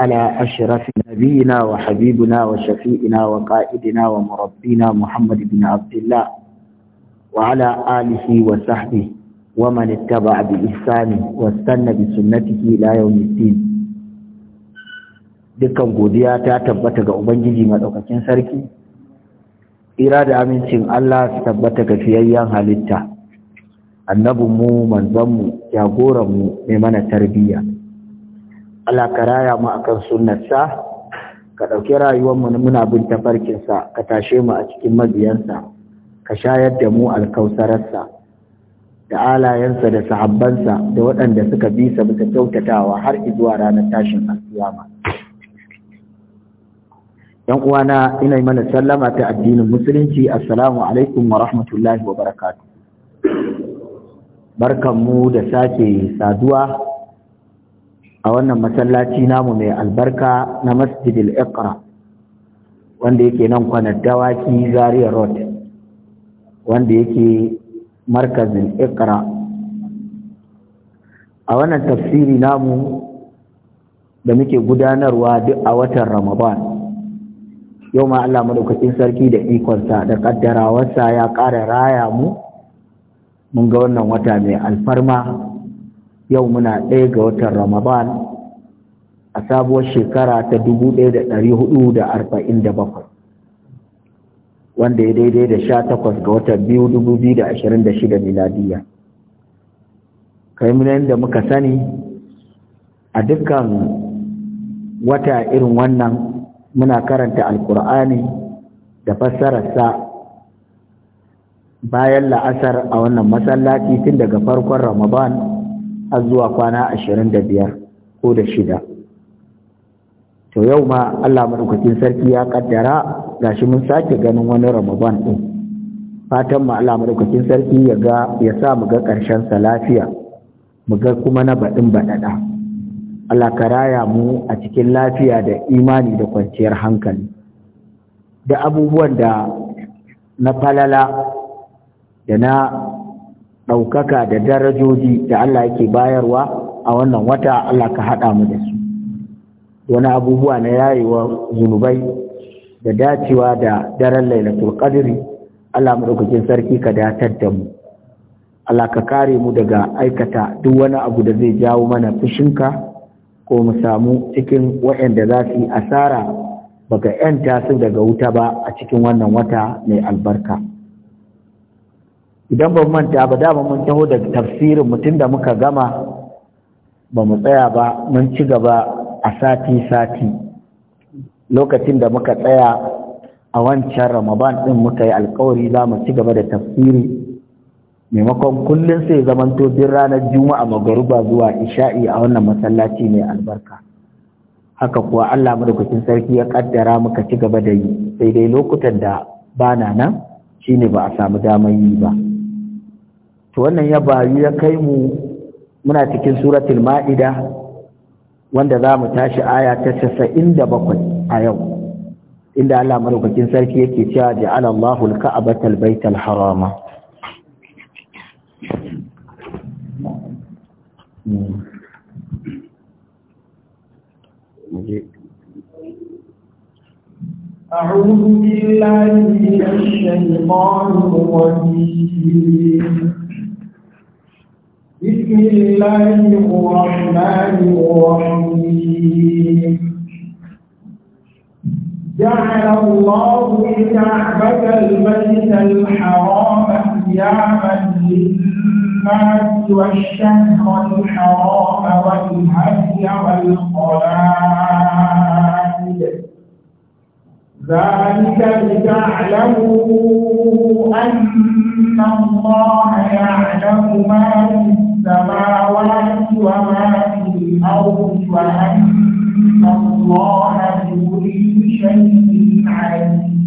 على أشرف نبينا وحبيبنا وشفيئنا وقائدنا ومربينا محمد بن عبد الله وعلى آله وصحبه ومن اتبع بإحسانه واستنى بسنته إلى يوم الدين dukkan godiya ta tabbata ga Ubangiji maɗaukakin sarki, ira da amincin Allah su tabbata ga fiyayyen halitta, annabinmu manzanmu jagoranmu mai mana tarbiyya. Allah ka raya mu akan sunnarsa ka ɗauki rayuwarmu muna bin tafarkinsa ka tashe mu a cikin mabiyansa ka shayar da mu alkausararsa da alayensa da sahabbansa da waɗanda suka bi sa bisa kyautatawa har zuwa ranar tashin alkiyama yan uwana ina yi mana sallama ta addinin musulunci assalamu alaikum wa rahmatullahi wa barakatuh barkanmu da sake saduwa a wannan masallaci namu mai albarka na masjidil iqra wanda yake nan kwanar dawaki zaria road wanda yake markazin iqra a wannan tafsiri namu da muke gudanarwa duk a watan ramadan yau ma Allah madaukakin sarki da ikonsa da ƙaddarawarsa ya ƙara raya mu mun ga wannan wata mai alfarma yau muna ɗaya ga watan ramadan a sabuwar shekara ta 1447 wanda ya daidai da 18 ga watan 2026 miladiya kaimunan da muka sani a dukkan wata irin wannan muna karanta alkur'ani da fassararsa bayan la'asar a wannan masallaci tun daga farkon ramadan har zuwa kwana ashirin da biyar ko da shida to yau ma Allah maɗaukakin sarki ya kaddara gashi mun sake ganin wani ramadan ɗin fatan mu Allah maɗaukakin sarki ya ga ya sa mu ga ƙarshen sa lafiya mu ga kuma na baɗin baɗaɗa Allah ka raya mu a cikin lafiya da imani da kwanciyar hankali da abubuwan da na falala da na ɗaukaka da darajoji da Allah yake bayarwa a wannan wata Allah ka haɗa mu da su wani abubuwa na yayewa zunubai da dacewa da daren lailatul qadri Allah madaukakin sarki ka datar da mu Allah ka kare mu daga aikata duk wani abu da zai jawo mana fushinka ko mu samu cikin waɗanda za su yi asara baka 'yan tasu daga wuta ba a cikin wannan wata mai albarka idan ba manta ba dama mun taho da tafsirin mutum da muka gama ba mu tsaya ba mun ci gaba a sati-sati lokacin da muka tsaya a wancan ramadan din muka yi alkawari za mu ci gaba da tafsiri maimakon kullum sai zamanto duk ranar juma'a magaruba zuwa isha'i a wannan masallaci mai albarka haka kuwa allah madaukakin sarki ya kaddara muka ci gaba da yi sai dai lokutan da bana nan shine ba a samu damar yi ba to wannan ya bayu ya kai mu muna cikin suratul ma'ida wanda za mu tashi aya ta 97 a yau inda Allah madaukakin sarki yake cewa ja'ala Allahu al-ka'bata al-bayta al-harama أعوذ بالله من الشيطان الرجيم بسم الله الرحمن الرحيم جعل الله الكعبة البيت الحرام قياما للناس والشهر الحرام والهدي والقلائد ذلك لتعلموا أن الله يعلم ما في السماوات وما في الأرض وأن الله بكل شيء عليم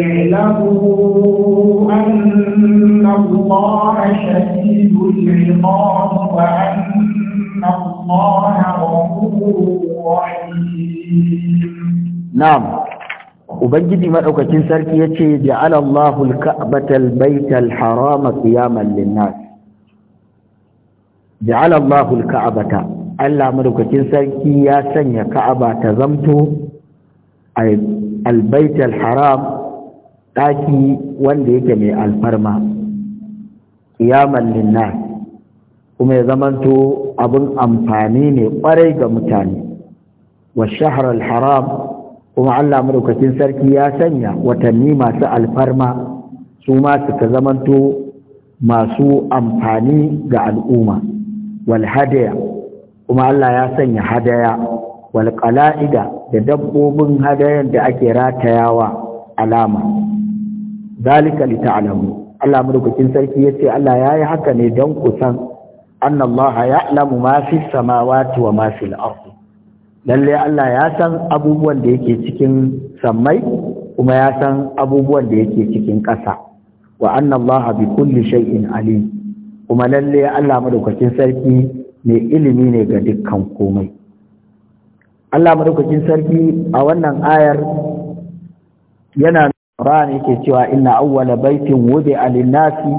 اعلموا أن الله شديد العقاب وأن الله غفور Na'am, ubangiji maɗaukakin sarki yace ja'ala Allahu al-ka'bata harama qiyaman linnas. ja'ala Allahu al Allah madaukakin sarki ya sanya Ka'aba ta zamto albaital haram ɗaki, wanda yake mai alfarma qiyaman linnas. kuma ya zamanto abin amfani ne kwarai ga mutane wa shahar haram kuma Allah madaukakin sarki ya sanya watanni masu alfarma su ma suka zamanto masu amfani ga al'umma wal hadaya kuma Allah ya sanya hadaya wal qala'ida da dabbobin hadayan da ake ratayawa alama zalika li ta'lamu Allah madaukakin sarki yace Allah yayi haka ne don ku san annallaha ya'lamu ma fi samawati wa ma fil ard lalle Allah ya san abubuwan da yake cikin sammai kuma ya san abubuwan da yake cikin ƙasa wa anna Allah bi kulli shay'in Ali. kuma lalle Allah madaukakin sarki mai ilimi ne ga dukkan komai Allah madaukakin sarki a wannan ayar yana Quran yake cewa inna awwala baitin wudi'a lin-nasi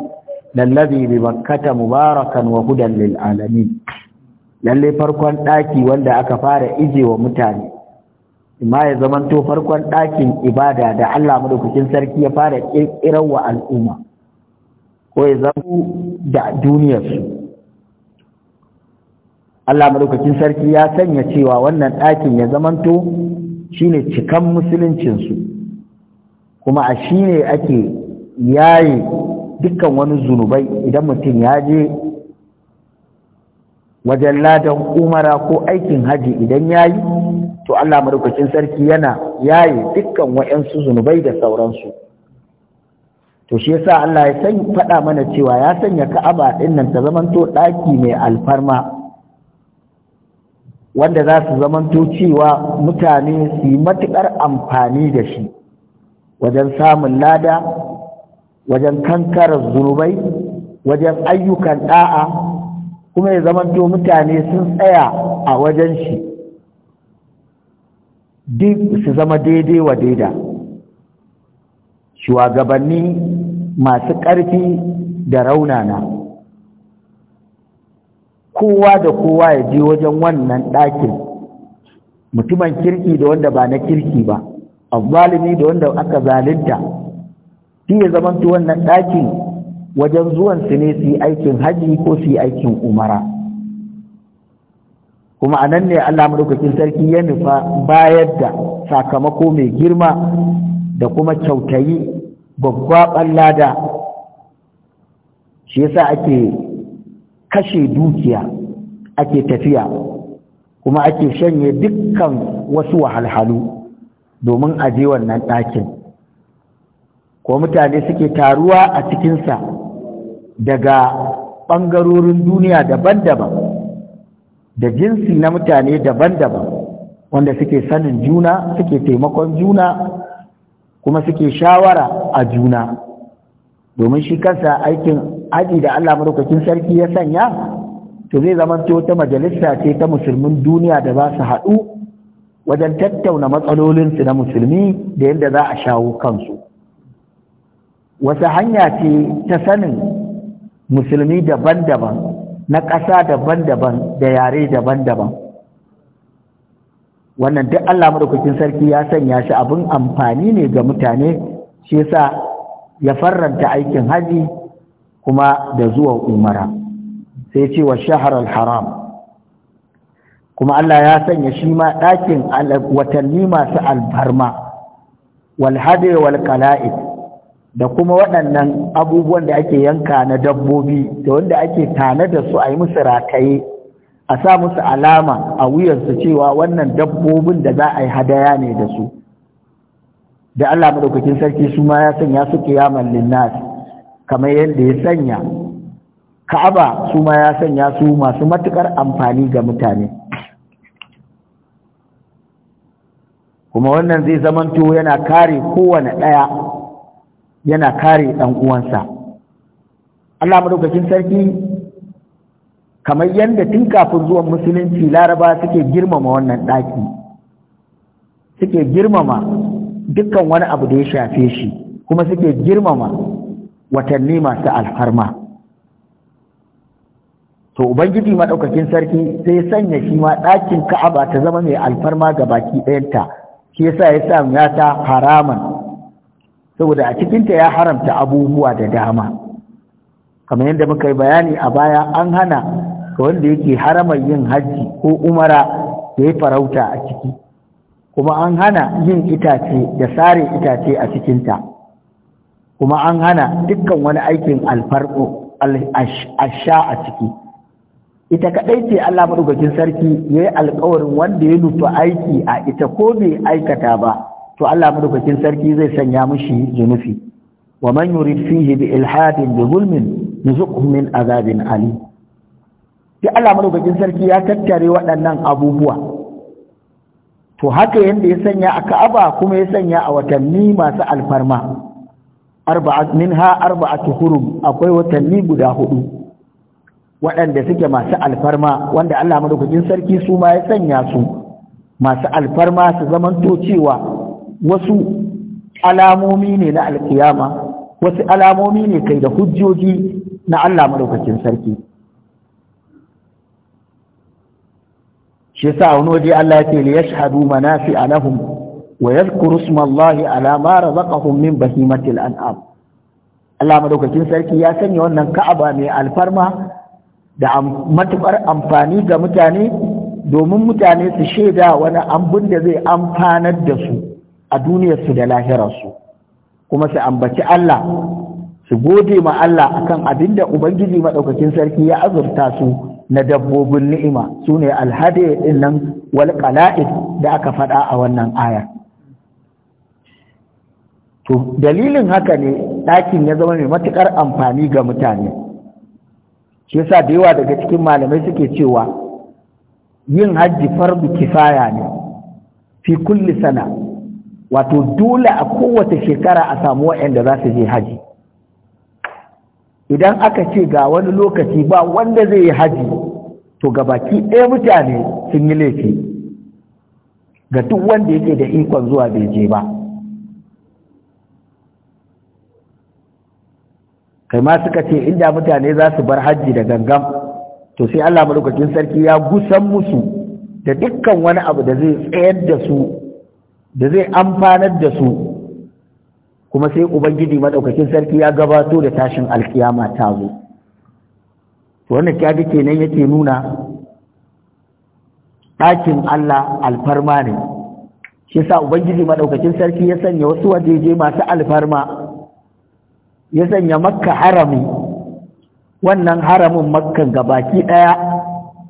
lalladhi bi Makkah mubarakan wa hudan lil alamin lalle farkon ɗaki wanda aka fara ije wa mutane ma ya zamanto farkon ɗakin ibada da Allah madaukakin sarki ya fara ƙirƙirar wa al'umma ko ya zama da duniyarsu Allah madaukakin sarki ya sanya cewa wannan ɗakin ya zamanto shine cikan musuluncinsu kuma a shine ake yaye dukkan wani zunubai idan mutum ya je wajen ladan umara ko aikin haji idan ya yi to Allah madaukakin sarki yana yaye dukkan wa'yansu zunubai da sauransu to shi yasa Allah ya san faɗa mana cewa ya sanya ka'aba din nan ta zamanto ɗaki mai alfarma wanda za su zamanto cewa mutane su yi matuƙar amfani da shi wajen samun lada wajen kankarar zunubai wajen ayyukan ɗa'a kuma ya zamanto mutane sun tsaya a wajen shi duk su zama daidai wa daida shugabanni masu ƙarfi da raunana kowa da kowa ya je wajen wannan ɗakin mutumin kirki da wanda ba na kirki ba azzalimi da wanda aka zalinta shi ya zamanto wannan ɗakin wajen zuwan su ne su yi aikin haji ko su yi aikin umara kuma a nan ne Allah madaukakin sarki ya nufa bayar da sakamako mai girma da kuma kyautayi babba ballada shi yasa ake kashe dukiya ake tafiya kuma ake shanye dukkan wasu wahalhalu domin aje wannan ɗakin ko mutane suke taruwa a cikinsa daga ɓangarorin duniya daban-daban da jinsi na mutane daban-daban wanda suke sanin juna suke taimakon juna kuma suke shawara a juna domin shi kansa aikin aji da Allah marukakin sarki ya sanya to zai zama ta majalisa ce ta musulmin duniya da za su haɗu wajen tattauna matsalolinsu na musulmi da yadda za a shawo kansu Wasu hanya ce ta sanin musulmi daban-daban na ƙasa daban-daban da yare daban-daban wannan duk Allah madaukakin sarki ya sanya shi abin amfani ne ga mutane shi yasa ya farranta aikin haji kuma da zuwa umara sai ce wa shaharar haram kuma Allah ya sanya shi ma ɗakin watanni masu alfarma wal hadi wal qala'id da kuma waɗannan abubuwan da ake yanka na dabbobi da wanda ake tana da su a yi musu rataye a sa musu alama a wuyansu cewa wannan dabbobin da za a yi hadaya ne da su da Allah madaukakin sarki su ma ya sanya su kiyaman linnas kamar yadda ya sanya ka'aba su ma ya sanya su masu matukar amfani ga mutane kuma wannan zai zamanto yana kare kowane ɗaya yana kare ɗan uwansa Allah madaukakin sarki kamar yadda tun kafin zuwan musulunci laraba suke girmama wannan ɗaki suke girmama dukkan wani abu da ya shafe shi kuma suke girmama watanni masu alfarma to ubangiji maɗaukakin sarki sai sanya shi ma ɗakin ka'aba ta zama mai alfarma ga baki ɗayanta shi yasa ya sa ta haraman saboda a cikinta ya haramta abubuwa da dama kamar yadda muka yi bayani a baya an hana ga wanda yake haramar yin hajji ko umara da ya farauta a ciki kuma an hana yin itace da sare itace a cikinta kuma an hana dukkan wani aikin alfarko asha a ciki ita kaɗai ce Allah maɗaukakin sarki ya yi alkawarin wanda ya nufi aiki a ita ko bai aikata ba to Allah madaukakin sarki zai sanya mushi zunufi wa man yurid fihi bi ilhadin bi zulmin nuzuqhu min azabin ali sai Allah madaukakin sarki ya tattare waɗannan abubuwa to haka yanda ya sanya a Ka'aba kuma ya sanya a watanni masu alfarma arba'at minha arba'atu hurum akwai watanni guda hudu waɗanda suke masu alfarma wanda Allah madaukakin sarki su ma ya sanya su masu alfarma su zamanto cewa wasu alamomi ne na alkiyama wasu alamomi ne kai da hujjoji na Allah madaukakin sarki shi yasa wani waje Allah yake li yashhadu manafi'a lahum wa yadhkuru isma Allah ala ma razaqahum min bahimatil an'am Allah madaukakin sarki ya sanya wannan Ka'aba mai alfarma da matukar amfani ga mutane domin mutane su shaida wani ambun da zai amfanar da su a duniyarsu da lahirarsu kuma su ambaci Allah su gode ma Allah akan abin da Ubangiji maɗaukakin sarki ya azurta su na dabbobin ni'ima su ne alhade ɗin nan wal da aka faɗa a wannan aya. To dalilin haka ne ɗakin ya zama mai matuƙar amfani ga mutane. Shi yasa da yawa daga cikin malamai suke cewa yin hajji fardu kifaya ne fi kulli sana wato dole a kowace shekara a samu waɗanda za su je haji idan aka ce ga wani lokaci ba wanda zai yi haji to ga baki ɗaya mutane sun yi laifi ga duk wanda yake da ikon zuwa bai je ba kai ma suka ce inda mutane za su bar haji da gangam to sai allah malukacin sarki ya gusan musu da dukkan wani abu da zai tsayar da su da zai amfanar da su kuma sai ubangiji madaukakin sarki ya gabato da tashin alkiyama ta zo wannan kyadi kenan yake nuna ɗakin Allah alfarma ne shi sa ubangiji madaukakin sarki ya sanya wasu wajeje masu alfarma ya sanya makka harami wannan haramin makka gabaki ɗaya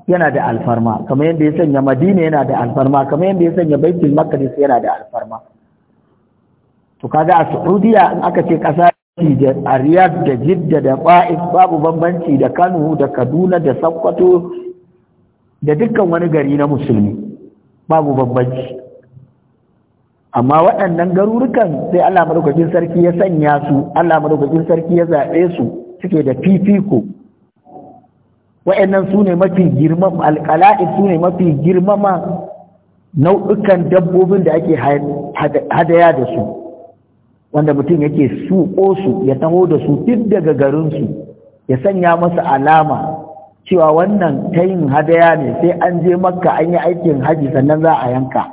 yana da alfarma kamar yadda ya sanya madina yana da alfarma kamar yadda ya sanya baitul maqdis yana da alfarma to kaga a saudiya in aka ce kasa da riyad da jidda da qa'if babu bambanci da kano da kaduna da Sakkwato da dukkan wani gari na musulmi babu bambanci amma waɗannan garurukan sai Allah madaukakin sarki ya sanya su Allah madaukakin sarki ya zaɓe su suke da fifiko wa'annan su ne mafi girma alƙala'i su ne mafi girmama nau'ukan dabbobin da ake hadaya da su wanda mutum yake suƙo su ya taho da su duk daga garinsu ya sanya masa alama cewa wannan ta yin hadaya ne sai an je makka an yi aikin haji sannan za a yanka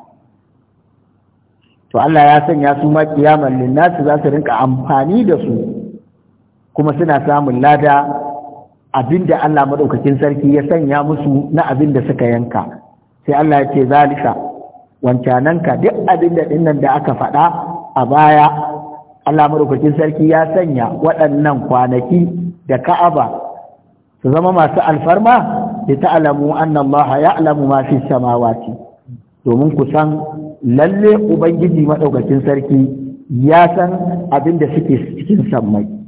to Allah ya sanya su ma kiyamar linnasu za su rinka amfani da su kuma suna samun lada Abin da Allah maɗaukakin sarki ya sanya musu na abin da suka yanka sai Allah ya ce zalika wancananka duk abin da dinnan da aka faɗa a baya Allah madaukakin sarki ya sanya waɗannan kwanaki da Ka'aba su zama masu alfarma da ta'alamu annallaha ya'lamu ma fi samawati domin ku san lalle ubangiji maɗaukakin sarki ya san abin da suke cikin sammai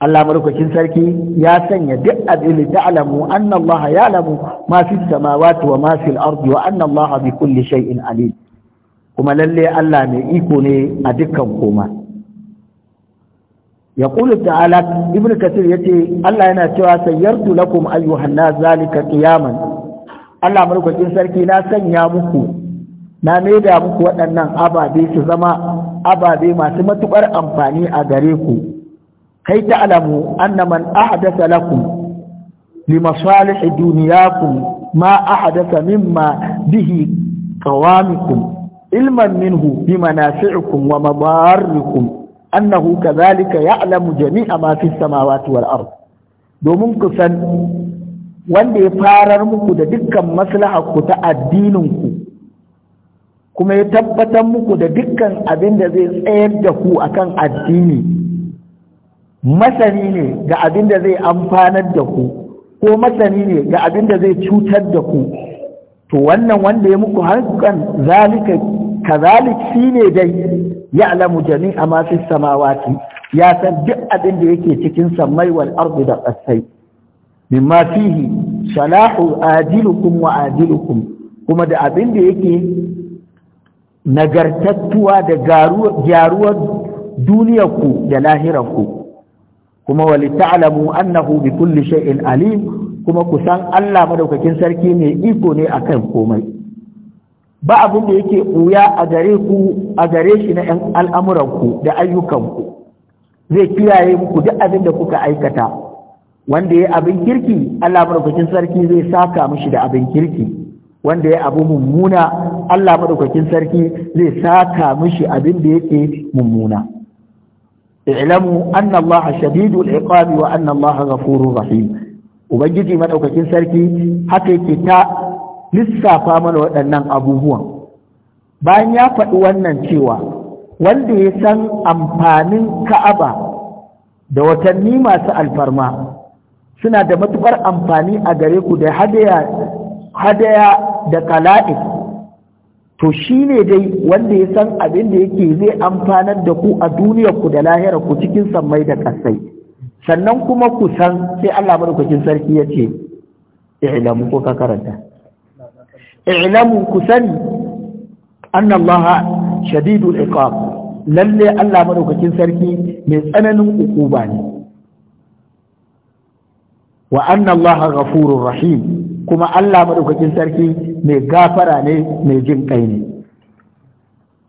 Allah madaukakin sarki ya sanya duk abin ta'lamu anna Allah ya'lamu ma fi samawati wa ma fi al-ardi wa anna Allah bi kulli shay'in alim kuma lalle Allah mai iko ne a dukkan koma ya ta'ala ibn kasir yace Allah yana cewa sayyartu lakum ayyuhan nas zalika qiyaman Allah madaukakin sarki na sanya muku na maida muku waɗannan ababe su zama ababe masu matukar amfani a gare ku kai ta'lamu anna man ahdatha lakum li masalih dunyakum ma ahdatha mimma bihi qawamikum ilman minhu bi manafi'ikum wa madarrikum annahu kadhalika ya'lamu jami'a ma fi samawati wal ard domin ku san wanda ya farar muku da dukkan maslaha ku ta addinin ku kuma ya tabbatar muku da dukkan abin da zai tsayar da ku akan addini masani ne ga abin da zai amfanar da ku ko masani ne ga abin da zai cutar da ku to wannan wanda ya muku harkan zalika kazalik shi ne dai ya alamu jami a masu samawati ya san duk abin da yake cikin samai wal ardu da ƙasai ma fihi salahu ajilukum wa ajilukum kuma da abin da yake nagartattuwa da gyaruwar duniyarku da lahirarku kuma wali ta'lamu annahu bi kulli shay'in alim kuma ku san Allah madaukakin sarki ne iko ne akan komai ba abin da yake buya a gare ku a gare shi na yan al'amuran ku da ayyukan ku zai kiyaye muku duk abin da kuka aikata wanda ya abin kirki Allah madaukakin sarki zai saka mishi da abin kirki wanda ya abu mummuna Allah madaukakin sarki zai saka mishi abin da yake mummuna i'lamu anna Allah Shadidu, iqabi wa anna Allah ghafurur rahim ubangiji madaukakin sarki haka yake ta lissafa mana waɗannan abubuwan bayan ya faɗi wannan cewa wanda ya san amfanin ka'aba da watanni masu alfarma suna da matukar amfani a gare ku da hadaya da kala'ik to shi ne dai wanda ya san abin da yake zai amfanar da ku a duniyar ku da lahira ku cikin sammai da kasai sannan kuma ku san sai Allah madaukakin sarki ya ce i'lamu ko ka karanta i'lamu ku sani annallaha shadidul iqab lalle Allah madaukakin sarki mai tsananin ukuba ne wa annallaha ghafurur rahim kuma Allah madaukakin sarki mai gafara ne mai jin kai ne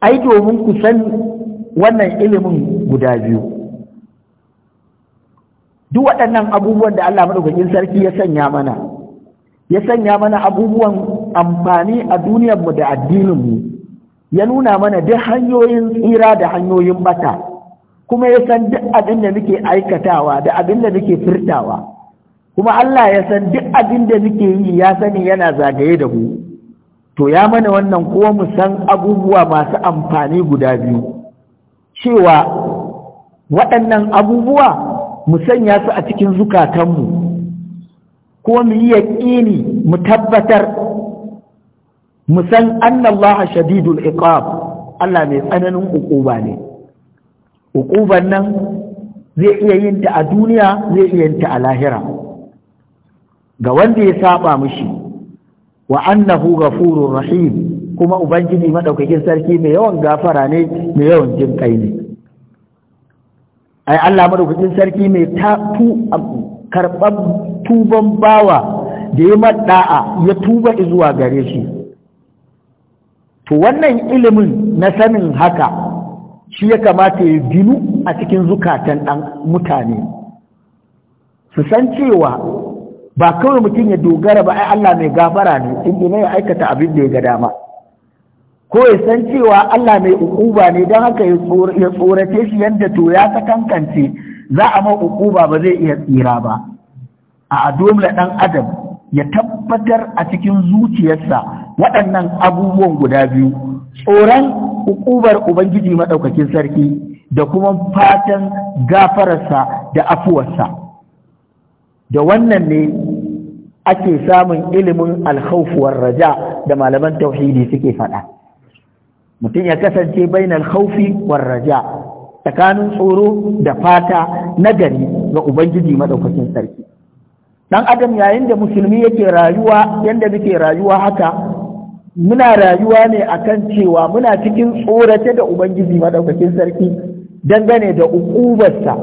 ai domin ku san wannan ilimin guda biyu duk waɗannan abubuwan da Allah madaukakin sarki ya sanya mana ya sanya mana abubuwan amfani a duniyarmu da addininmu ya nuna mana duk hanyoyin tsira da hanyoyin bata kuma ya san duk abin da muke aikatawa da abin da muke firtawa kuma Allah ya san duk abin da muke yi ya sani yana zagaye da mu to ya mana wannan ko mu san abubuwa masu amfani guda biyu cewa waɗannan abubuwa mu sanya su a cikin zukatanmu ko mu yi yaƙini mu tabbatar mu san annallaha shadidul iqab Allah mai tsananin uquba ne uquban nan zai iya yin ta a duniya zai iya yin ta a lahira ga wanda ya saba mishi wa annahu ghafurur rahim kuma ubangiji madaukakin sarki mai yawan gafara ne mai yawan jin kai ne ai Allah madaukakin sarki mai tu karban tuban bawa da ya madda'a ya tuba zuwa gare shi to wannan ilimin na sanin haka shi ya kamata ya binu a cikin zukatan mutane su san cewa ba kawai mutum ya dogara ba ai Allah mai gafara ne in ne ya aikata abin da ya ga dama ko ya san cewa Allah mai ukuba ne don haka ya tsorace shi yadda to ya kankance za a ma ukuba ba zai iya tsira ba a adomla dan adam ya tabbatar a cikin zuciyarsa waɗannan abubuwan guda biyu tsoron ukubar ubangiji maɗaukakin sarki da kuma fatan gafararsa da afuwarsa da wannan ne ake samun ilimin alkhawfuwar raja da malaman tauhidi suke faɗa mutum ya kasance bainal khawfi war raja tsakanin tsoro da fata nagari ga ubangiji madaukakin sarki dan adam yayin da musulmi yake rayuwa yanda muke rayuwa haka muna rayuwa ne akan cewa muna cikin tsorace da ubangiji madaukakin sarki dangane da ukubarsa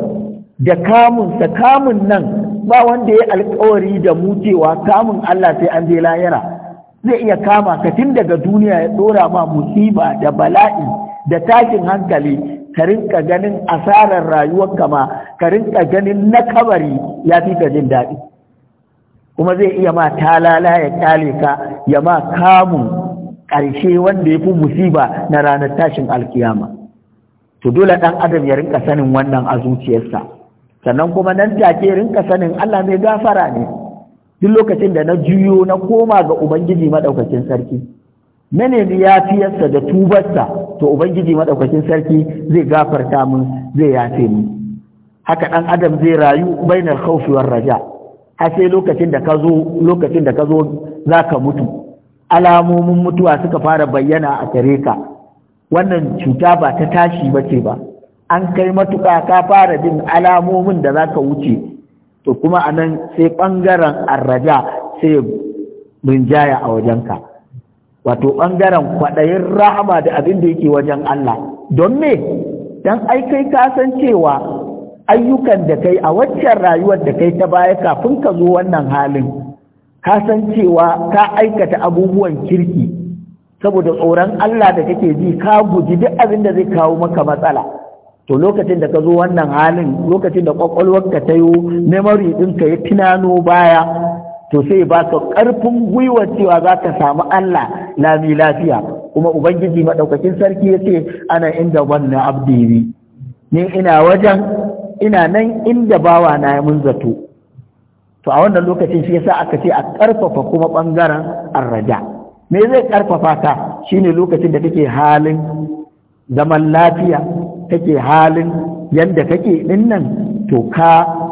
da kamunsa kamun nan ba wanda ya yi alkawari da mu cewa kamun Allah sai an je lahira zai iya kama ka tun daga duniya ya ɗora ma musiba da bala'i da takin hankali ka rinka ganin asarar rayuwar kama ka rinka ganin na kabari ya fi ka jin daɗi kuma zai iya ma talala ya kyale ka ya ma kamun ƙarshe wanda ya fi musiba na ranar tashin alkiyama to dole ɗan adam ya rinka sanin wannan a zuciyarsa sannan kuma nan take rinka sanin Allah mai gafara ne duk lokacin da na juyo na koma ga ubangiji madaukakin sarki na nemi yafiyarsa da tubarsa to ubangiji madaukakin sarki zai gafarta mun zai yafe mu haka dan adam zai rayu bainar khawfi war raja har sai lokacin da ka zo lokacin da ka zaka mutu alamomin mutuwa suka fara bayyana a gare ka wannan cuta ba ta tashi bace ba an kai matuƙa ka fara bin alamomin da za ka wuce to kuma a nan sai ɓangaren arraja sai rinjaya a wajenka wato ɓangaren kwaɗayin rahama da abin da yake wajen Allah don me don ai kai ka san cewa ayyukan da kai a waccan rayuwar da kai ta baya kafin ka zo wannan halin ka san cewa ka aikata abubuwan kirki saboda tsoron Allah da kake ji ka guji duk abin da zai kawo maka matsala to lokacin da ka zo wannan halin lokacin da kwakwalwarka ta tayo, memory ɗinka ya tunano baya to sai ba ka ƙarfin gwiwar cewa za ka samu Allah lami lafiya kuma ubangiji maɗaukakin sarki ya ce ana inda wannan abdi ne ina wajen ina nan inda bawa na ya mun zato to a wannan lokacin shi yasa aka ce a ƙarfafa kuma ɓangaren arraja me zai ƙarfafa ka shine lokacin da kake halin zaman lafiya kake halin yanda kake dinnan nan to ka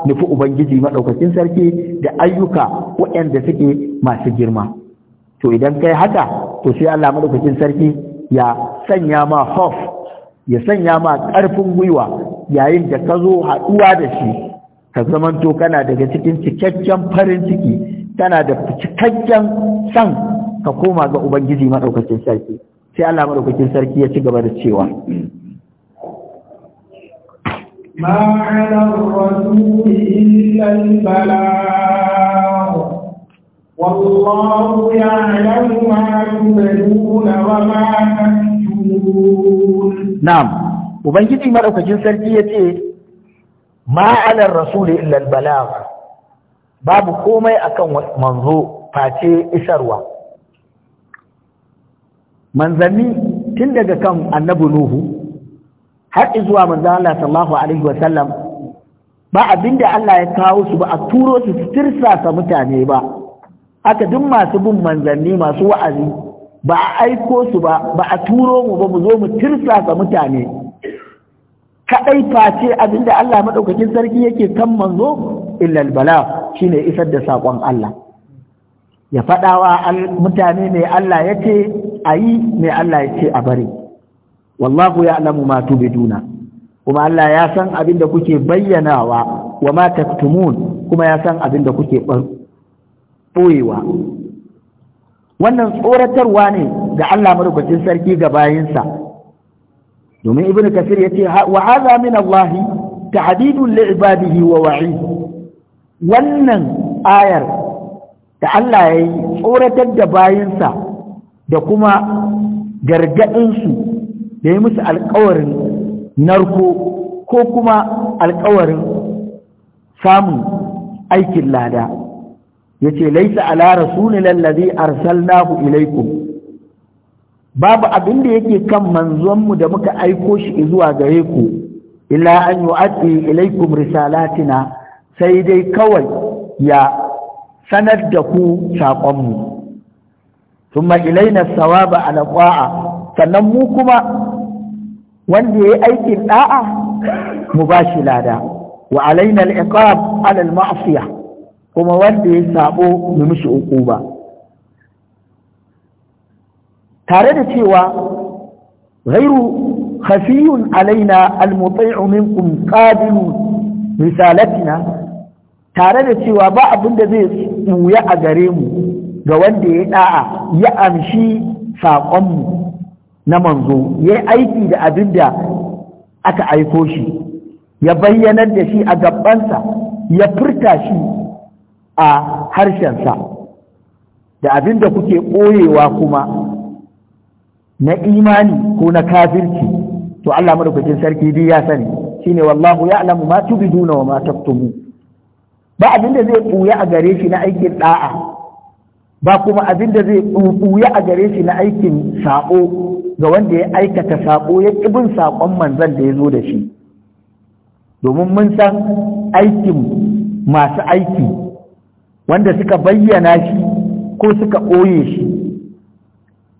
nufi ubangiji maɗaukakin sarki da ayyuka waɗanda suke masu girma to idan kai haka to sai Allah maɗaukakin sarki ya sanya ma hof ya sanya ma ƙarfin gwiwa yayin da ka zo haɗuwa da shi ka zamanto kana daga cikin cikakken farin ciki kana da cikakken san ka koma ga ubangiji maɗaukakin sarki sai Allah maɗaukakin sarki ya ci gaba da cewa ما على الرسول إلا البلاغ والله يعلم ما تبدون وما تكتمون نعم وبنجي ما أوكجين سلبية ما على الرسول إلا البلاغ babu komai akan manzo face isarwa manzanni tun daga kan annabi nuhu har zuwa manzo Allah sallallahu alaihi wa sallam ba abinda Allah ya kawo su ba a turo su su tirsasa mutane ba aka duk masu bin manzanni masu wa'azi ba a aiko su ba ba a turo mu ba mu zo mu tirsasa mutane kadai face abinda Allah madaukakin sarki yake kan manzo illal bala shine isar da sakon Allah ya faɗawa mutane mai Allah ya ce a yi mai Allah ya ce a bari wallahu ya'lamu ma tubiduna kuma Allah ya san abin da kuke bayyanawa wa ma taktumun kuma ya san abin da kuke boyewa wannan tsoratarwa ne ga Allah madaukakin sarki ga bayinsa domin ibnu kasir yace wa hadha min Allah ta'didu li'ibadihi wa wa'id wannan ayar da Allah yayi tsoratar da bayinsa da kuma gargadin su da yi musu alkawarin narko ko kuma alkawarin samun aikin lada ya ce laisa ala rasulilal ladhi arsalnahu ilaikum babu abin da yake kan manzonmu da muka aiko shi zuwa gare ku illa an yu'addi ilaikum risalatina sai dai kawai ya sanar da ku saƙonmu ثم إلينا الثواب على الطاعة sannan mu kuma wanda ya yi aikin ɗa'a mu ba shi lada wa alaina al'iqab alal ma'asiya kuma wanda ya sabo mu mishi uquba tare da cewa ghairu khafiyun alaina al-muti'u minkum qabilu risalatina tare da cewa ba abin da zai buya a gare mu ga wanda ya da'a ya amshi saƙonmu na manzo ya aiki da abin da aka aiko shi ya bayyanar da shi a gabansa ya furta shi a harshensa da abin da kuke ɓoyewa kuma na imani ko na kafirci to Allah madaukakin sarki dai ya sani shine wallahu ya'lamu ma tubiduna wa ma taktumu ba abin da zai buya a gare shi na aikin da'a ba kuma abin da zai ɓuɓɓuya a gare shi na aikin saƙo ga wanda ya aikata saƙo ya ƙibin saƙon manzan da ya zo da shi domin mun san aikin masu aiki wanda suka bayyana shi ko suka ɓoye shi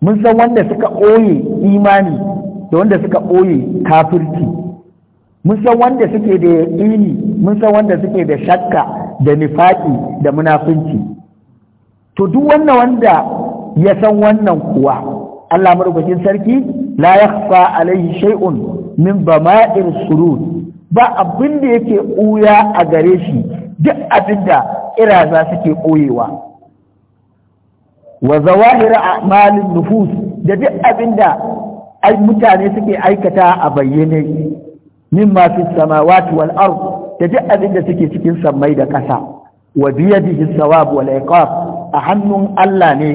mun san wanda suka ɓoye imani da wanda suka ɓoye kafirci mun san wanda suke da yaƙini mun san wanda suke da shakka da nifaƙi da munafunci to duk wannan wanda ya san wannan kuwa Allah marubucin sarki la yakhfa alayhi shay'un min bama'ir surur ba abin da yake ɓuya a gare shi duk abin da su ke koyewa wa zawahir a'malin nufus da duk abin da mutane suke aikata a bayyane min masu samawati wal ard da duk abin da suke cikin sammai da ƙasa wa biyadihi sawab wal iqab a hannun Allah ne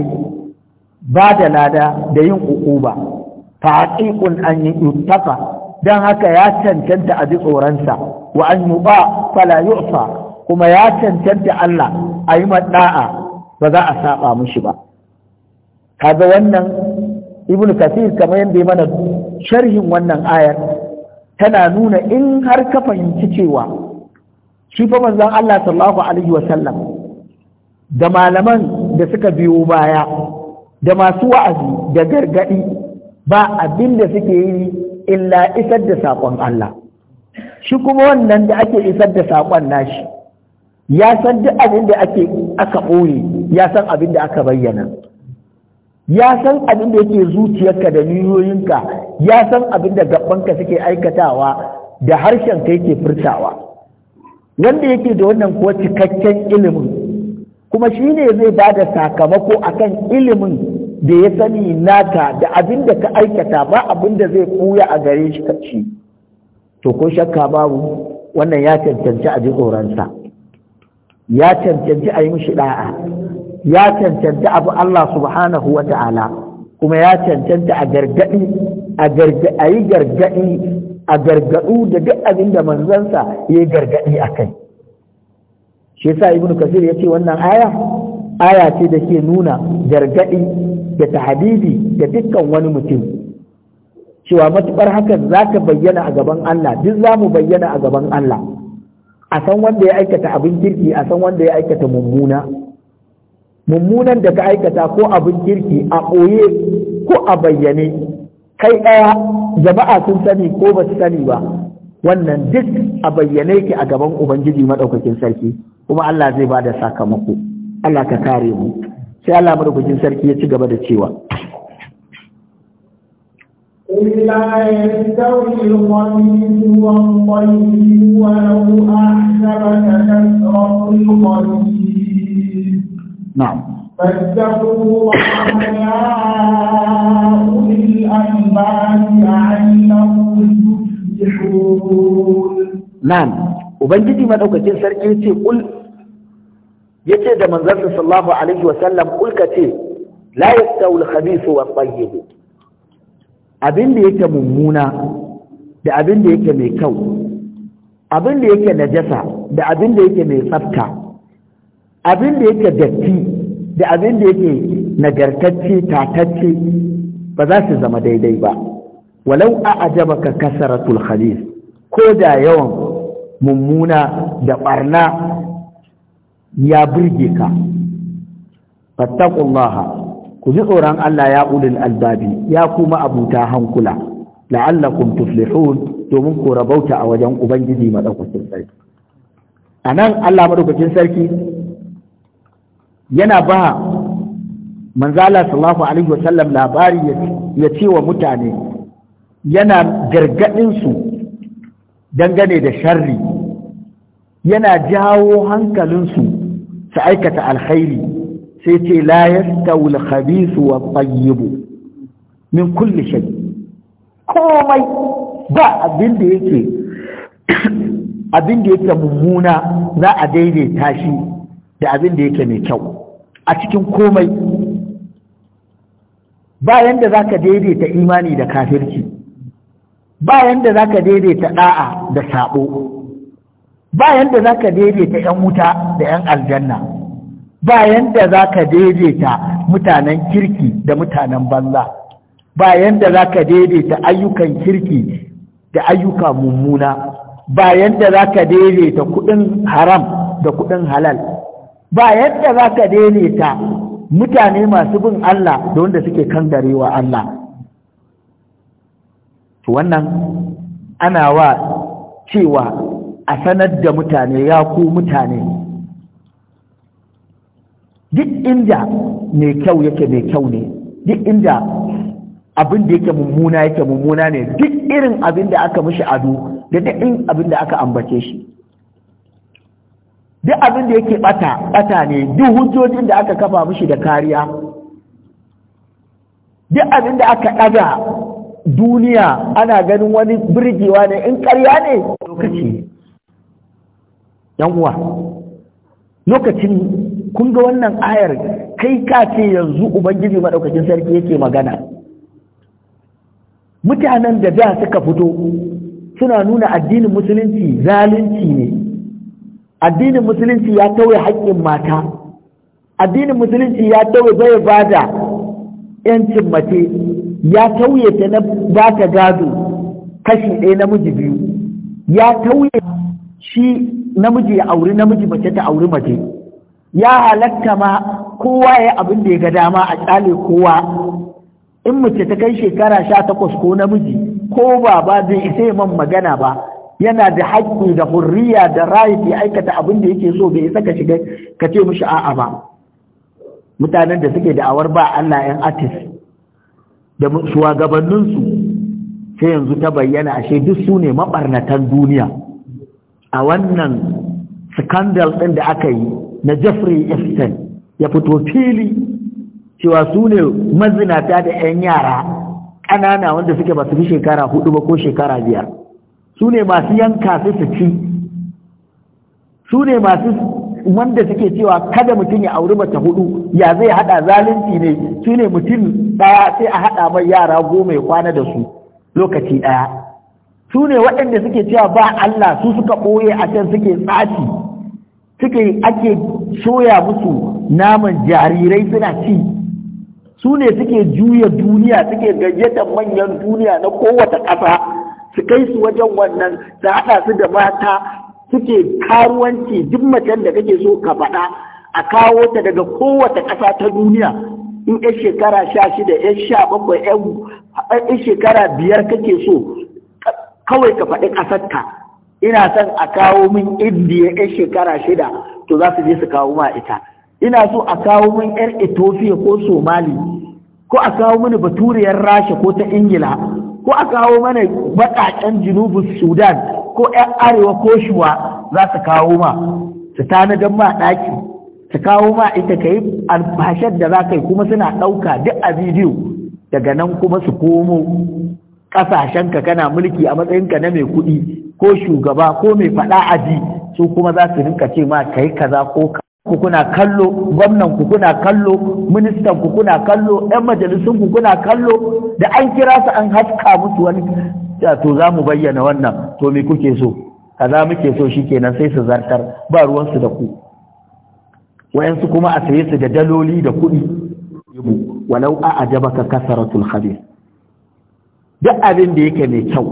ba da lada da yin uquba fa haqiqun an yuttaqa dan haka ya cancanta a ji tsoronsa wa an yuba fala yu'fa kuma ya cancanta Allah a yi mada'a ba za a saɓa mushi ba kaga wannan ibnu kathir kamar yadda mana sharhin wannan ayar tana nuna in har ka fahimci cewa shi fa manzon Allah sallallahu alaihi wa sallam da malaman da suka biyo baya da masu wa'azi da gargaɗi ba abin da suke yi illa isar da saƙon Allah shi kuma wannan da ake isar da saƙon nashi ya san duk abin da ake aka ɓoye ya san abin da aka bayyana ya san abin da yake zuciyarka da niyoyinka ya san abin da gabanka suke aikatawa da harshenka yake furtawa wanda yake da wannan kuwa cikakken ilimin kuma shi ne zai ba da sakamako akan ilimin da ya sani naka da abin da ka aikata ba abin da zai kuya a gare shi to ko shakka babu wannan ya cancanci a ji tsoronsa ya cancanci a yi mishi da'a ya cancanci abu Allah subhanahu wa ta'ala kuma ya cancanta a gargaɗi a yi gargaɗi a gargaɗu da duk abin da manzansa ya yi gargaɗi a kai shi yasa ibnu kasir ya ce wannan aya aya ce da ke nuna gargadi da tahadidi da dukkan wani mutum cewa matukar hakan za ka bayyana a gaban Allah duk za mu bayyana a gaban Allah a san wanda ya aikata abin kirki a san wanda ya aikata mummuna mummunan da ka aikata ko abin kirki a ɓoye ko a bayyane kai ɗaya jama'a sun sani ko ba su sani ba wannan duk a bayyane ki a gaban ubangiji maɗaukakin sarki kuma Allah zai bada sakamako Allah ka kare mu sai Allah maɗaukakin sarki ya ci gaba da cewa إلا يستوي الخبيث والطيب ولو أحسبك كثرة الخبيث نعم فاتقوا الله يا أولي الألباب لعلكم يفلحون نعم وبنجي ما دوكتين سركي يتي قل يتي ده منزل صلى الله عليه وسلم قل كتي لا يستوي الخبيث والطيب abin da yake mummuna da abin da yake mai kyau abin da yake najasa da abin da yake mai tsafta abin da yake datti da abin da yake nagartacce tatacce ba za su zama daidai ba walau a ajabaka kasaratul khabith ko da yawan mummuna da barna ya burge ka fattaqullaha ku ji tsoron Allah ya ulil albabi ya kuma abuta hankula la'allakum tuflihun domin ku rabauta a wajen ubangiji madaukakin sarki anan Allah madaukakin sarki yana ba manzala sallallahu alaihi wasallam labari ya ce wa mutane yana gargaɗinsu dangane da sharri yana jawo hankalinsu su aikata alkhairi sai ce la yastawul khabithu wa tayyib min kulli shay komai ba abin da yake abin da yake mummuna za a daidaita shi da abin da yake mai kyau a cikin komai bayan da za ka daidaita imani da kafirci ba yanda za ka daidaita ɗa'a da saɓo ba yanda za ka daidaita 'yan wuta da 'yan aljanna ba yanda za ka daidaita mutanen kirki da mutanen banza ba yanda za ka daidaita ayyukan kirki da ayyuka mummuna ba yanda za ka daidaita kuɗin haram da kuɗin halal ba yanda za ka daidaita mutane masu bin Allah da wanda suke kan darewa Allah to wannan ana wa cewa a sanar da mutane ya ku mutane duk inda mai kyau yake mai kyau ne duk inda abin da yake mummuna yake mummuna ne duk irin abin da aka mishi ado da duk irin abin da aka ambace shi duk abin da yake bata bata ne duk hujjojin da aka kafa mishi da kariya duk abin da aka ɗaga duniya ana ganin wani birgewa ne in karya ne lokaci yan uwa lokacin kun ga wannan ayar kai ka ce yanzu ubangiji maɗaukakin sarki yake magana mutanen da da suka fito suna nuna addinin musulunci zalunci ne addinin musulunci ya tauye haƙƙin mata addinin musulunci ya tauye bai bada 'yancin mace ya tauye ta na ta gado kashi ɗaya namiji biyu ya tauye shi namiji ya auri namiji mace ta auri mace ya halatta ma kowa ya abin da ya ga dama a ƙyale kowa in mace ta kai shekara sha takwas ko namiji ko ba ba zai isa man magana ba yana da haƙƙi da hurriya da rayu ya aikata abin da yake so bai isa ka shiga ka ce mishi a'a ba mutanen da suke da'awar ba Allah 'yan artist da shugabanninsu sai yanzu ta bayyana ashe duk su ne maɓarnatan duniya a wannan scandal ɗin da aka yi na jeffrey epstein ya fito fili cewa su ne mazinata da 'yan yara ƙanana wanda suke ba su fi shekara hudu ba ko shekara biyar su ne masu yanka su ci su ne masu wanda suke cewa kada mutum ya auri mace hudu ya zai hada zalunci ne shine mutum daya sai a hada mai yara goma ya kwana da su lokaci daya su waɗanda suke cewa ba Allah su suka ɓoye a can suke tsaci suke ake soya musu naman jarirai suna ci su ne suke juya duniya suke gayyatar manyan duniya na kowace ƙasa su kai su wajen wannan su haɗa su da mata suke karuwanci duk macen da kake so ka faɗa a kawo ta daga kowace ƙasa ta duniya in yan shekara sha shida yan sha bakwai yan shekara biyar kake so kawai ka faɗi ƙasarka ina son a kawo min indiya yan shekara shida to za su je su kawo ma ita ina so a kawo min ƴan ethiopia ko somali ko a kawo mini baturiyar rasha ko ta ingila ko a kawo mana baƙaƙen junubus sudan ko 'yan arewa ko shuwa za su kawo ma su tanadan ma ɗaki su kawo ma ita ka yi alfashar da za ka yi kuma suna ɗauka duk a bidiyo daga nan kuma su komo ƙasashenka kana mulki a matsayinka na mai kuɗi ko shugaba ko mai faɗa aji su kuma za su rinka ce ma ka yi kaza ko ku kuna kallo gwamnan ku kuna kallo ministan ku kuna kallo ɗan majalisun ku kuna kallo da an kira su an haska musu wani to za mu bayyana wannan to me kuke so kaza muke so shikenan sai su zartar ba ruwansu da ku wayansu kuma a saye su da daloli da kuɗi walau a ajabaka kasaratul khabir duk abin da yake mai kyau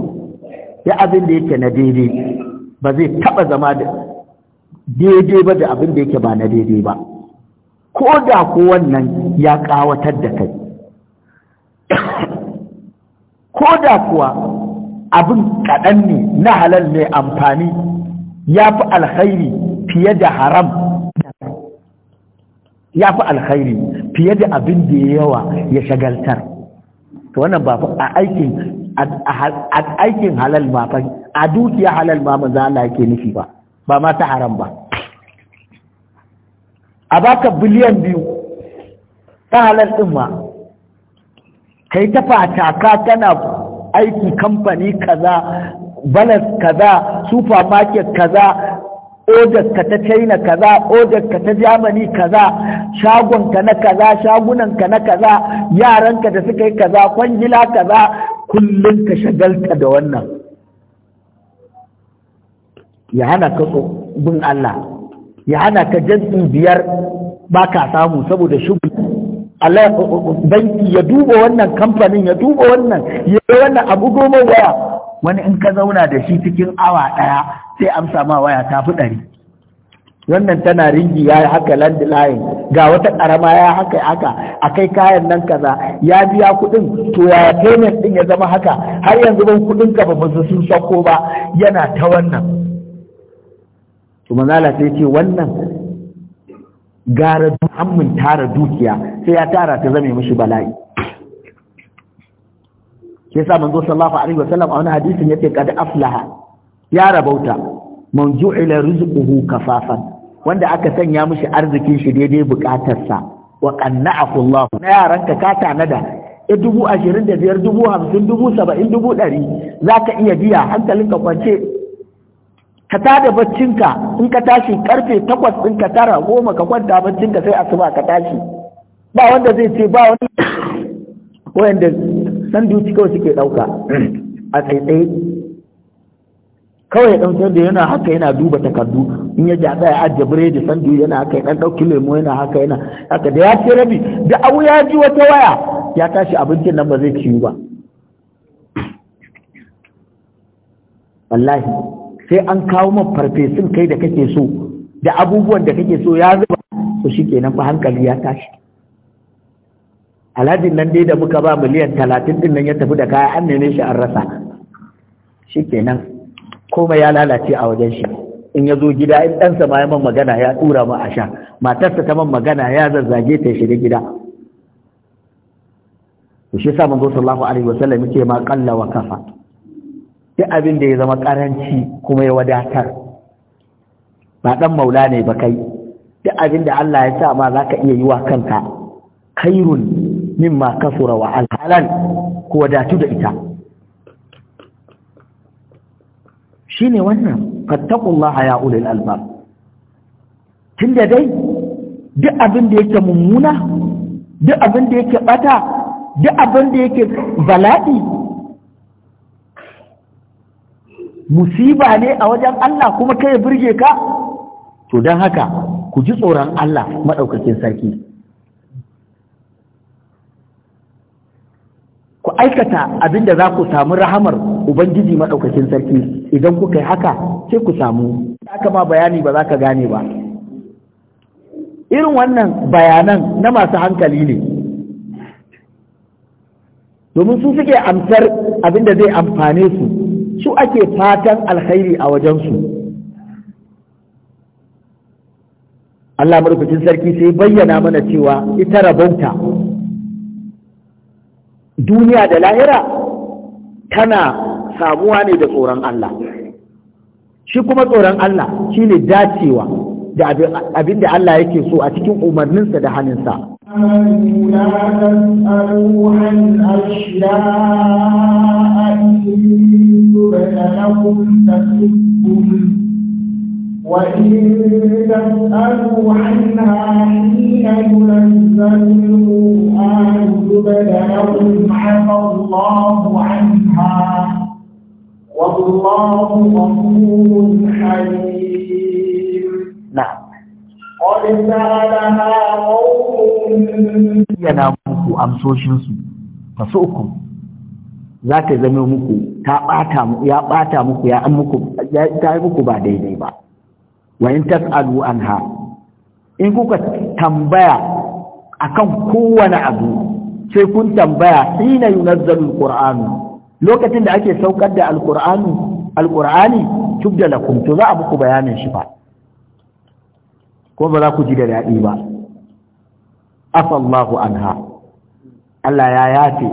duk abin da yake na daidai ba zai taba zama da daidai ba da abin da yake ba na daidai ba ko da ko wannan ya ƙawatar da kai ko da kuwa abin kaɗan ne na halal mai amfani ya fi alkhairi fiye da haram ya fi alkhairi fiye da abin da yawa ya shagaltar to wannan ba a aikin a aikin halal ma a dukiya halal ma maza Allah yake nufi ba ba ma ta haram ba a baka biliyan biyu ta halar ɗin ma kai ta fataka tana aiki kamfani kaza balas kaza supermarket kaza ka ta china kaza odarka ta germany kaza shagonka na kaza shagunanka na kaza yaranka da suka yi kaza kwangila kaza kullum ka shagalta da wannan ya hana ka bin Allah ya hana ka jan'i biyar ba ka samu saboda shubu Allah banki ya duba wannan kamfanin ya duba wannan ya yi wannan abu goma waya wani in ka zauna da shi cikin awa ɗaya sai amsa ma waya ta fi ɗari wannan tana ringi ya yi haka landline ga wata ƙarama ya haka haka a kai kayan nan kaza ya biya kuɗin to ya payment ɗin ya zama haka har yanzu ban kuɗin ka ba su sun sako ba yana ta wannan to manzala sai ce wannan gara hammin tara dukiya sai ya tara ta zame mishi bala'i ke sa manzo sallallahu alaihi wasallam a wani hadisin yake kad aflaha ya rabauta man ju'ila rizquhu kafafan wanda aka sanya mishi arzikin shi daidai bukatarsa wa qanna'ahu Allah na yaranka ka tanada e dubu ashirin da biyar dubu hamsin dubu saba'in dubu ɗari za ka iya biya hankalinka kwance ka tada baccinka in ka tashi karfe takwas ɗin ka tara goma ka kwanta baccinka sai asuba ka tashi ba wanda zai ce ba wani wanda san duci kawai suke ɗauka a tsaitsaye kawai ya sanda yana haka yana duba takardu in ya ji a ya ajiye biredi sandu yana haka ya ɗan ɗauki lemo yana haka yana haka da ya ce rabi da abu ya ji wata waya ya tashi abincin nan ba zai ciyu ba wallahi sai an kawo man farfesun kai da kake so da abubuwan da kake so ya zuba to shikenan fa hankali ya tashi alhajin nan dai da muka ba miliyan talatin din nan ya tafi da kaya an nene shi an rasa shikenan komai ya lalace a wajen shi in ya zo gida in ɗansa ma ya man magana ya tura ma a sha matarsa ta man magana ya zazzage ta shiga gida to shi yasa manzo sallallahu alaihi wasallam yake ma qalla wa kafa duk abin da ya zama karanci kuma ya wadatar ba dan maula ne ba kai duk abin da Allah ya sa ma zaka iya yi wa kanka khairun mimma kasura wa alhalan ku wadatu da ita shine wannan fattaqullaha ya ulil albab tunda dai duk abin da yake mummuna duk abin da yake bata duk abin da yake bala'i musiba ne a wajen Allah kuma kai ya birge ka to don haka ku ji tsoron Allah maɗaukakin sarki ku aikata abin da za ku samu rahamar ubangiji maɗaukakin sarki idan kuka yi haka sai ku samu aka ma bayani ba za ka gane ba irin wannan bayanan na masu hankali ne domin su suke amsar abin da zai amfane su su ake fatan alkhairi a wajensu Allah marukacin sarki sai bayyana mana cewa ita rabauta duniya da lahira tana samuwa ne da tsoron Allah shi kuma tsoron Allah shine dacewa da abin da Allah yake so a cikin umarninsa da hannunsa قالوا لا تسألوا عن أشياء إن تبد لكم تسؤكم وإن تسألوا عنها حين ينزل القرآن تبد لكم عفى الله عنها والله غفور حليم قد سألها yana muku amsoshinsu fasu uku za ta zama muku ta ɓata ya ɓata muku ya muku ta yi muku ba daidai ba wa in tas'alu anha in kuka tambaya akan kowane abu sai kun tambaya hina yunazzalu alqur'anu lokacin da ake saukar da alqur'anu alqur'ani tubda lakum to za a muku bayanin shi ba ko ba za ku ji da daɗi ba afallahu anha Allah ya yafe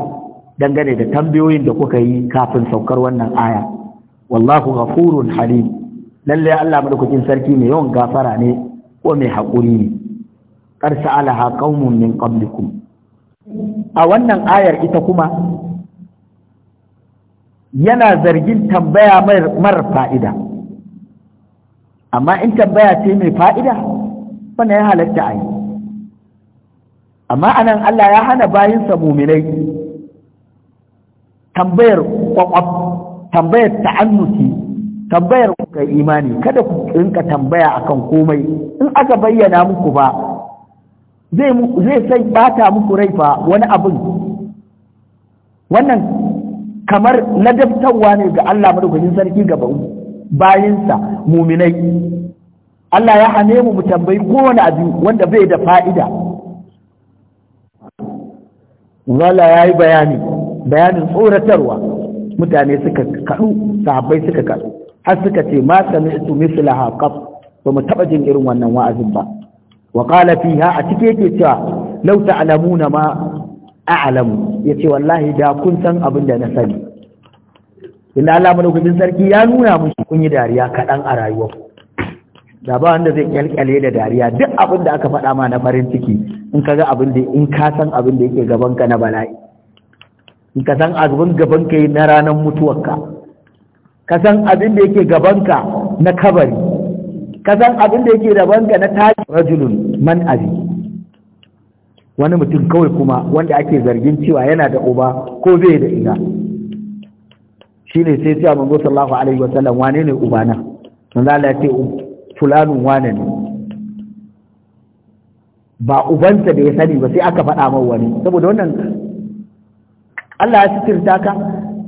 dangane da tambayoyin da kuka yi kafin saukar wannan aya wallahu ghafurun halim lalle Allah madaukakin sarki ne yawan gafara ne ko mai hakuri ne kar sa'alaha qaumun min qablikum a wannan ayar ita kuma yana zargin tambaya mar fa'ida amma in tambaya ce mai fa'ida wannan ya halatta a yi amma anan Allah ya hana bayinsa muminai tambayar kwakwaf tambayar ta'annuti tambayar kai imani kada ku rinka tambaya akan komai in aka bayyana muku ba zai sai bata muku rai fa wani abin wannan kamar ladabtarwa ne ga Allah madaukakin sarki gaba bayinsa muminai Allah ya hane mu mu tambayi kowane abu wanda bai da fa'ida wala ya yi bayani bayanin tsoratarwa mutane suka kaɗu sahabbai suka kaɗu har suka ce ma sami'tu su qat ba mu taɓa jin irin wannan wa'azin ba wa qala fiha a cike yake cewa Alamu na ma a'lamu yace wallahi da kun san abin da na sani Ina Allah madaukakin sarki ya nuna mushi kun yi dariya kaɗan a rayuwarku da ba wanda zai kyalkyale da dariya duk abin da aka faɗa ma na farin ciki in ka ga abin da in ka san abin da yake gaban ka na bala'i in ka san abin gaban ka na ranar mutuwarka ka san abin da yake gaban ka na kabari ka san abin da yake gaban ka na tashi rajulun man abi wani mutum kawai kuma wanda ake zargin cewa yana da uba ko bai da ina shine sai sai go sallallahu alaihi wasallam wane ne ubana manzo Allah ya ce Fulanun wane ne ba ubansa da ya sani ba sai aka faɗa man wani saboda wannan Allah ya sitirta ka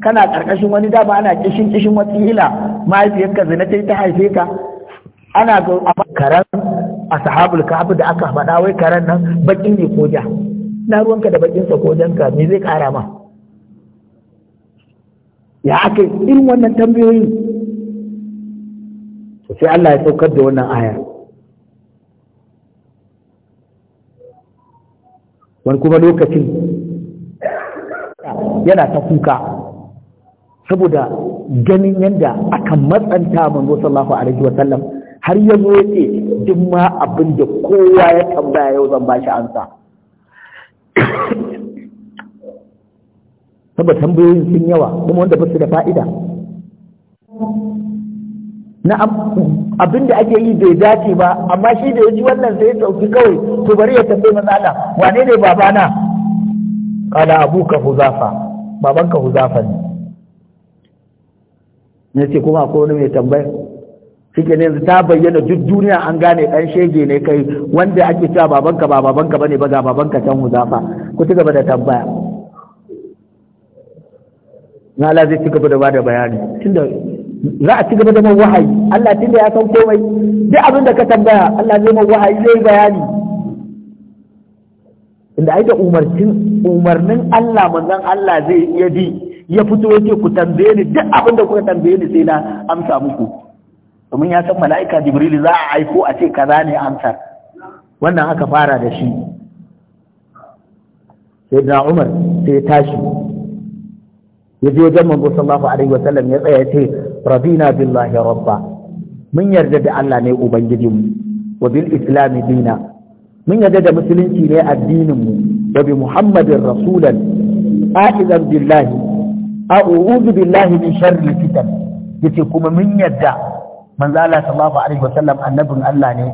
kana ƙarƙashin wani dama ana kishin kishin wata hila mahaifiyarka zina ta ta haife ka ana ga karan sahabul kahf da aka faɗa wai karan nan bakin ne koja na ruwanka da bakin sa ka me zai ƙara ma ya aka irin wannan tambayoyin sai Allah ya saukar da wannan aya wani kuma lokacin yana ta kuka saboda ganin yadda aka matsanta manzo sallallahu alaihi wa sallam har ya zo yace duk ma abin da kowa ya tambaya yau zan bashi amsa. saboda tambayoyin sun yawa kuma wanda ba su da fa'ida na abin da ake yi bai dace ba amma shi da ya ji wannan sai ya sauki kawai to bari ya tambayi matsala wane ne babana kala abu ka huzafa baban ka huzafa ne na ce kuma akwai wani mai tambaya shike ne ta bayyana duk duniya an gane dan shege ne kai wanda ake cewa baban ka ba baban ka bane ba ga baban ka can huzafa ku ci gaba da tambaya na Allah zai ci gaba da bada bayani tunda za a ci gaba da man wahayi Allah tunda ya san komai duk abin da ka tambaya Allah zai man wahayi zai bayani inda ai da umarcin umarnin Allah manzon Allah zai iya bi ya fito yake ku tambaye ni duk abin da kuka tambaye ni sai na amsa muku domin ya san mala'ika Jibril za a aiko a ce kaza ne amsar wannan aka fara da shi sai da Umar sai tashi ya je wajen manzo sallallahu alaihi wa sallam ya tsaya ce rabina billahi rabba mun yarda da Allah ne ubangijinmu wa bil islami dina mun yarda da musulunci ne addinin mu wa bi muhammadin rasulan a'izan billahi a'udhu billahi min sharri fitan yace kuma mun yarda manzo Allah sallallahu alaihi wa sallam annabin Allah ne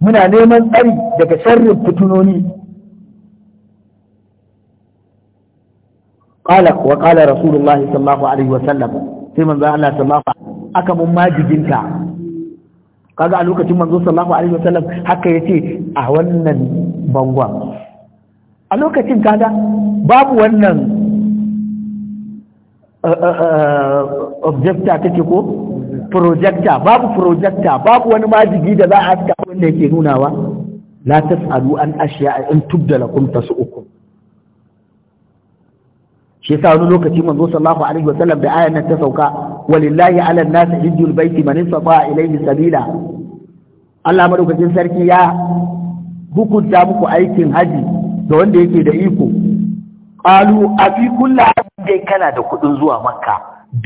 muna neman tsari daga sharrin fitunoni qala wa qala rasulullahi sallallahu alaihi wasallam sai manzo Allah sallallahu aka mun majiginta kaga a lokacin manzo sallallahu alaihi wasallam haka yace a wannan bangon a lokacin kaga babu wannan eh, eh, eh, objector take ko projector babu projector babu wani majigi da za a haska wanda yake nunawa la tasalu an ashiya in tubda lakum tasukum shi yasa wani lokaci manzo sallallahu alaihi wa sallam da ayan nan ta sauka walillahi ala nasi hijjul baiti man istata ilayhi sabila Allah madaukakin sarki ya hukunta muku aikin haji da wanda yake da iko qalu a fi kulli dai kana da kudin zuwa makka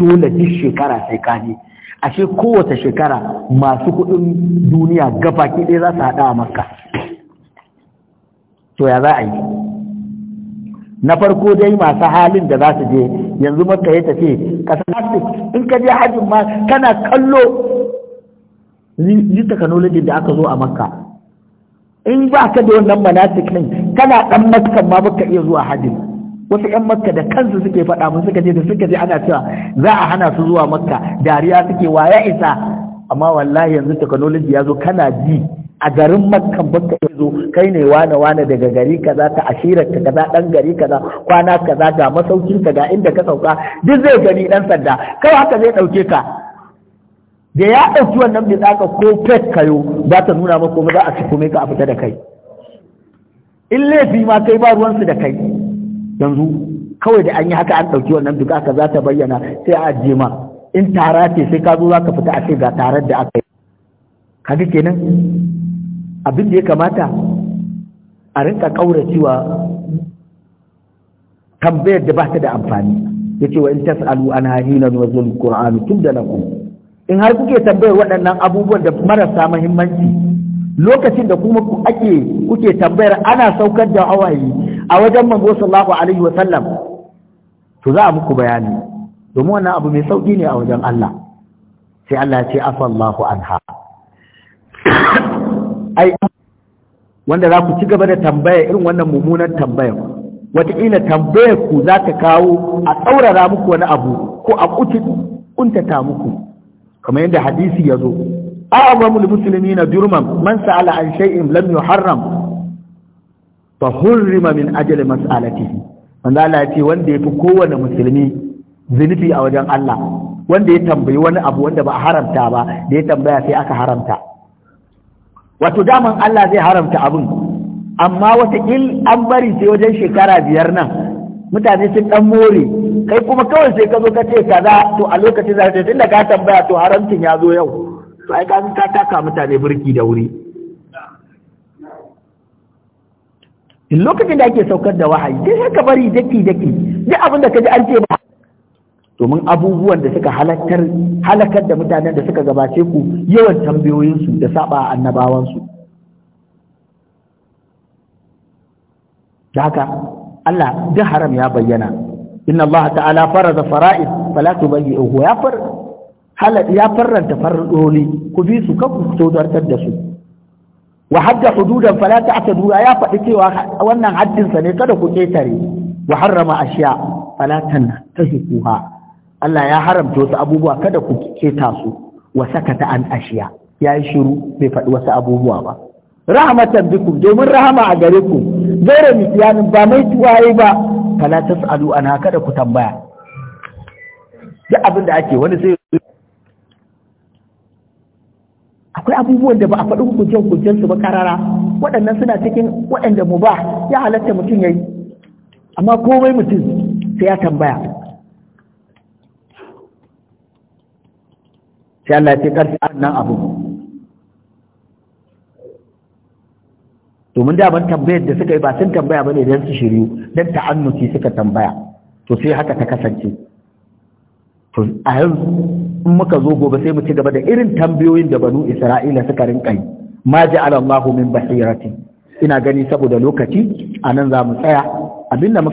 dole duk shekara sai ka je ashe kowace shekara masu kudin duniya ki dai za su haɗa a makka to ya za a yi na farko dai masu halin da za su je yanzu maka ya tafi kasar in ka je hajjin ma kana kallo yi technology da aka zo a makka in ba ka da wannan manasik ɗin kana ɗan makka ma baka iya zuwa hajjin wasu 'yan makka da kansu suke faɗa mun suka je da suka je ana cewa za a hana su zuwa makka dariya suke waya isa amma wallahi yanzu technology ya zo kana ji a garin makkan baka zo kai ne wane wane daga gari kaza ta ashirar ka kaza dan gari kaza kwana kaza ga masaukin ka ga inda ka sauka duk zai gani dan sanda kai haka zai dauke ka da ya dauki wannan bi tsaka ko fake kayo za ta nuna maka kuma za a tukume ka a fita da kai in laifi ma kai ba ruwansu da kai yanzu kawai da an yi haka an dauki wannan bi aka za ta bayyana sai a ajiye ma in tara ce sai ka zo za ka fita a ce ga tarar da aka yi kaga kenan abin da ya kamata a rinka kauracewa tambayar da ba ta da amfani ya ce wa in tas'alu an hahina wa zul tun da lakum in har kuke tambayar waɗannan abubuwan da marasa muhimmanci lokacin da kuma ake kuke tambayar ana saukar da hawaye a wajen manzo sallahu alaihi wa sallam to za a muku bayani domin wannan abu mai sauki ne a wajen Allah sai Allah ya ce afallahu anha ai wanda za ku ci gaba da tambaya irin wannan mummunan tambayar wataƙila tambayar ku za ta kawo a tsaurara muku wani abu ko a kuntata muku kamar yadda hadisi ya zo a'azamul na jurman man sa'ala an shay'in lam yuharram fa hurrima min ajali mas'alatihi wanda Allah ya ce wanda yafi kowane musulmi zunubi a wajen Allah wanda ya tambayi wani abu wanda ba a haramta ba da ya tambaya sai aka haramta wato daman Allah zai haramta abin amma watakil an bari sai wajen shekara biyar nan mutane sun dan more kai kuma kawai sai ka zo ka ce kaza to a lokaci zai tun tunda ka tambaya to haramcin ya zo yau to ai ka ta taka mutane burki da wuri in lokacin da ake saukar da wahayi sai ka bari daki daki duk abin da ka ji an ce ba domin abubuwan da suka halakar halakar da mutanen da suka gabace ku yawan tambayoyinsu da saba annabawansu da haka Allah duk haram ya bayyana inna Allah ta'ala faraza fara'id fala tubayyi'uhu ya far ya farranta farɗoli ku bi su kanku ku da su wa hadda hududan fala ta'tadu ya faɗi cewa wannan haddinsa ne kada ku ketare wa harrama ashiya fala tantahiquha Allah ya haramta wasu abubuwa kada ku keta su wa sakata an ashiya ya yi shiru bai faɗi wasu abubuwa ba rahmatan biku domin rahama a gare ku gaira misiyanin ba mai tuwaye ba fala tas'alu ana kada ku tambaya duk abin da ake wani sai akwai abubuwan da ba a faɗi hukuncen hukuncen su ba karara waɗannan suna cikin waɗanda mu ba ya halatta mutum ya yi. amma komai mutum sai ya tambaya sai Allah ce karfi nan abu domin da ban tambayar da suka yi ba sun tambaya ba ne don su shiryu don ta'annuci suka tambaya to sai haka ta kasance to a yanzu in muka zo gobe sai mu ci gaba da irin tambayoyin da banu isra'ila suka rinka yi ma ja'ala Allahu min basiratin ina gani saboda lokaci anan za mu tsaya abinda